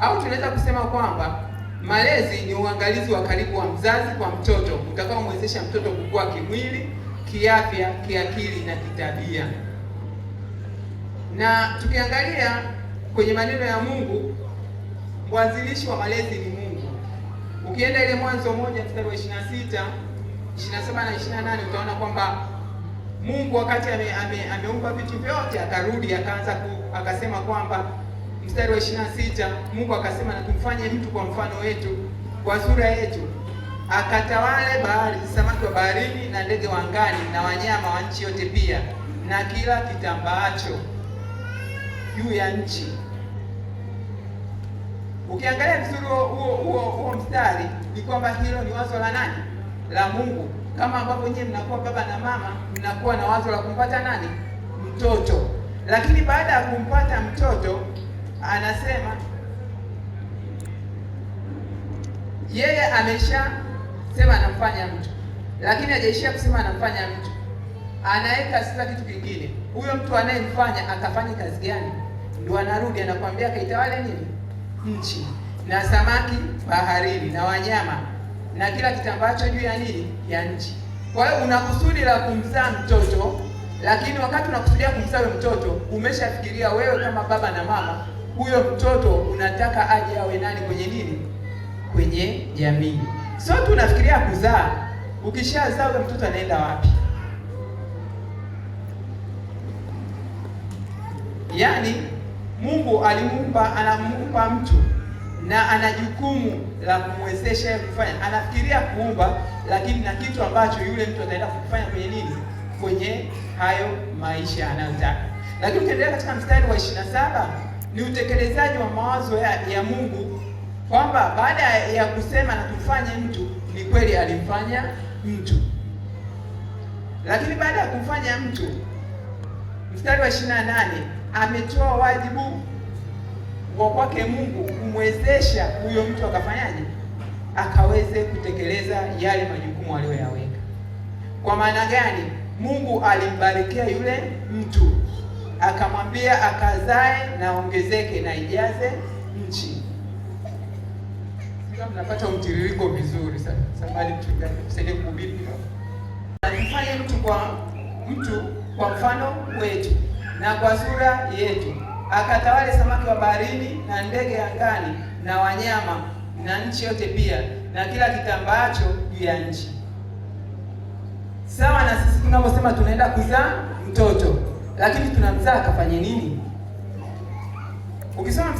au tunaweza kusema kwamba malezi ni uangalizi wa karibu wa mzazi kwa mtoto utakaomwezesha mtoto kukua kimwili, kiafya, kiakili na kitabia. Na tukiangalia kwenye maneno ya Mungu, mwanzilishi wa malezi ni Mungu. Ukienda ile Mwanzo moja mstari wa 26, 27 na 28 utaona kwamba Mungu wakati ameumba ame, ame vitu vyote akarudi akaanza akasema kwamba mstari wa sita Mungu akasema, na tumfanye mtu kwa mfano wetu, kwa sura yetu, akatawale bahari, samaki wa baharini na ndege wa angani na wanyama wa nchi yote, pia na kila kitambaacho juu ya nchi. Ukiangalia vizuri huo huo huo mstari, ni kwamba hilo ni wazo la nani? La Mungu. Kama ambavyo nyinyi mnakuwa baba na mama, mnakuwa na wazo la kumpata nani? Mtoto. Lakini baada ya kumpata mtoto anasema yeye ameshasema anamfanya mtu, lakini hajaishia kusema anamfanya mtu, anaweka sasa kitu kingine. Huyo mtu anayemfanya akafanya kazi gani? Ndio anarudi anakuambia akaitawale nini nchi na samaki baharini na wanyama na kila kitu ambacho juu ya nini ya nchi. Kwa hiyo una kusudi la kumzaa mtoto, lakini wakati unakusudia kumzaa mtoto umeshafikiria wewe kama baba na mama huyo mtoto unataka aje awe nani kwenye nini, kwenye jamii. so tu unafikiria kuzaa, ukishazaa huyo mtoto anaenda wapi? Yaani Mungu alimuumba, anamuumba mtu na ana jukumu la kumwezesha kufanya. Anafikiria kuumba, lakini na kitu ambacho yule mtu ataenda kufanya kwenye nini, kwenye hayo maisha anayotaka. Lakini ukiendelea katika mstari wa 27 ni utekelezaji wa mawazo ya, ya Mungu kwamba baada ya kusema na kumfanye mtu ni kweli alimfanya mtu, lakini baada ya kumfanya mtu, mstari wa 28 ametoa wajibu wa kwake Mungu kumwezesha huyo mtu akafanyaje, akaweze kutekeleza yale majukumu aliyoyaweka. Kwa maana gani? Mungu alimbarikia yule mtu akamwambia akazae na ongezeke na ijaze nchi. Sasa mnapata mtiririko vizuri sana. Samahani mchungaji, msaidie kuhubiri kidogo. mtu kwa mtu kwa mfano wetu na kwa sura yetu, akatawale samaki wa baharini na ndege angani na wanyama na nchi yote pia na kila kitambaacho juu ya nchi. Sawa na sisi tunaposema tunaenda kuzaa mtoto lakini tunamzaa akafanye nini? Ukisoma